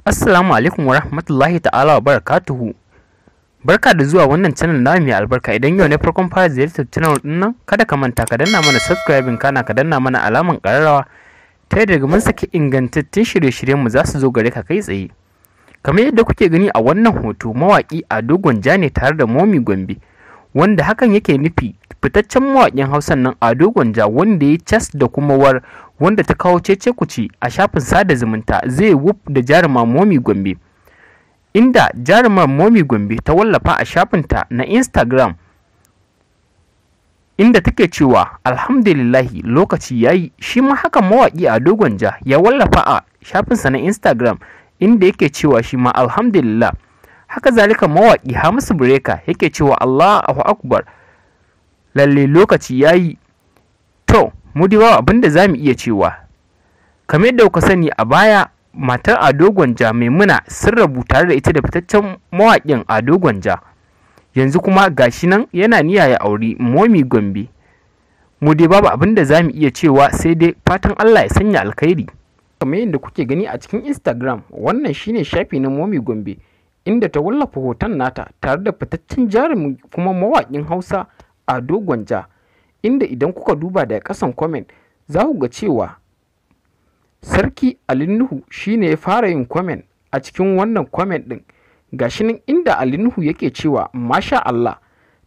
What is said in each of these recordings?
Assalamu alaikum wa rahmatullahi ta'ala wa barakatuhu. Barka da zuwa wannan channel na mai albarka idan yau ne farkon fara ziyartar channel din kada ka manta ka danna mana subscribing kana ka danna mana alaman kararrawa ta yadda daga mun saki ingantattun shirye-shiryen mu za su zo gare ka kai tsaye. Kamar yadda kuke gani a wannan hoto mawaki a dogon ja ne tare da Momi Gombe wanda hakan yake nufi fitaccen mawakin Hausan nan a dogon ja wanda ya cas da kuma war wanda ta kawo cece kuci a shafin sada zumunta zai wuf da jaruma momi gombe inda jarumar momi gombe ta wallafa a shafinta na instagram inda take cewa alhamdulillahi lokaci ya yi shi ma haka mawaƙi a dogon ja ya wallafa a shafinsa na instagram inda yake cewa shi ma alhamdulillah haka zalika mawaƙi hamisu bureka yake cewa 'Allah allahu akbar lalle lokaci ya yi to mu dai babu abin da za mu iya cewa kamar yadda kuka sani a baya matar Ado Gwanja muna sun rabu tare da ita da fitaccen mawaƙin Ado Gwanja yanzu kuma gashi nan yana niyya ya auri Momi Gombe mu dai babu abin da za mu iya cewa sai dai fatan Allah ya sanya alkhairi kamar yadda kuke gani a cikin Instagram wannan shine shafi na Momi Gombe inda ta wallafa hoton nata tare da fitaccen jarumi kuma mawakin Hausa Ado Gwanja inda idan kuka duba daga ƙasan kwamen za ku ga cewa sarki alinuhu shine ya fara yin kwamen a cikin wannan kwamen ɗin gashi nan inda alinuhu yake cewa masha Allah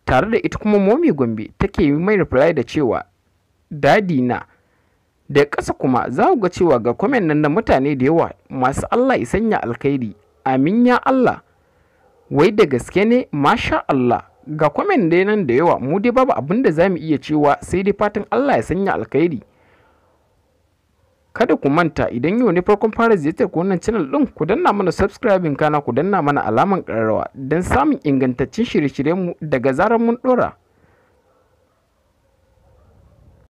tare da ita kuma momi gombe take mai reply da cewa dadi na da ƙasa kuma za ku ga cewa ga kwamen nan na mutane da yawa masu Allah isanya alkhairi amin ya Allah wai da gaske ne masha Allah ga kwamen dai nan da yawa mu dai babu abin da za mu iya cewa sai dai fatan allah ya sanya alkhairi kada ku manta idan yau ne farkon fara ziyartar ku wannan channel din ku danna mana subscribing kana ku danna mana alaman ƙararrawa don samun ingantaccen shirye shiryen mu daga zarar mun ɗora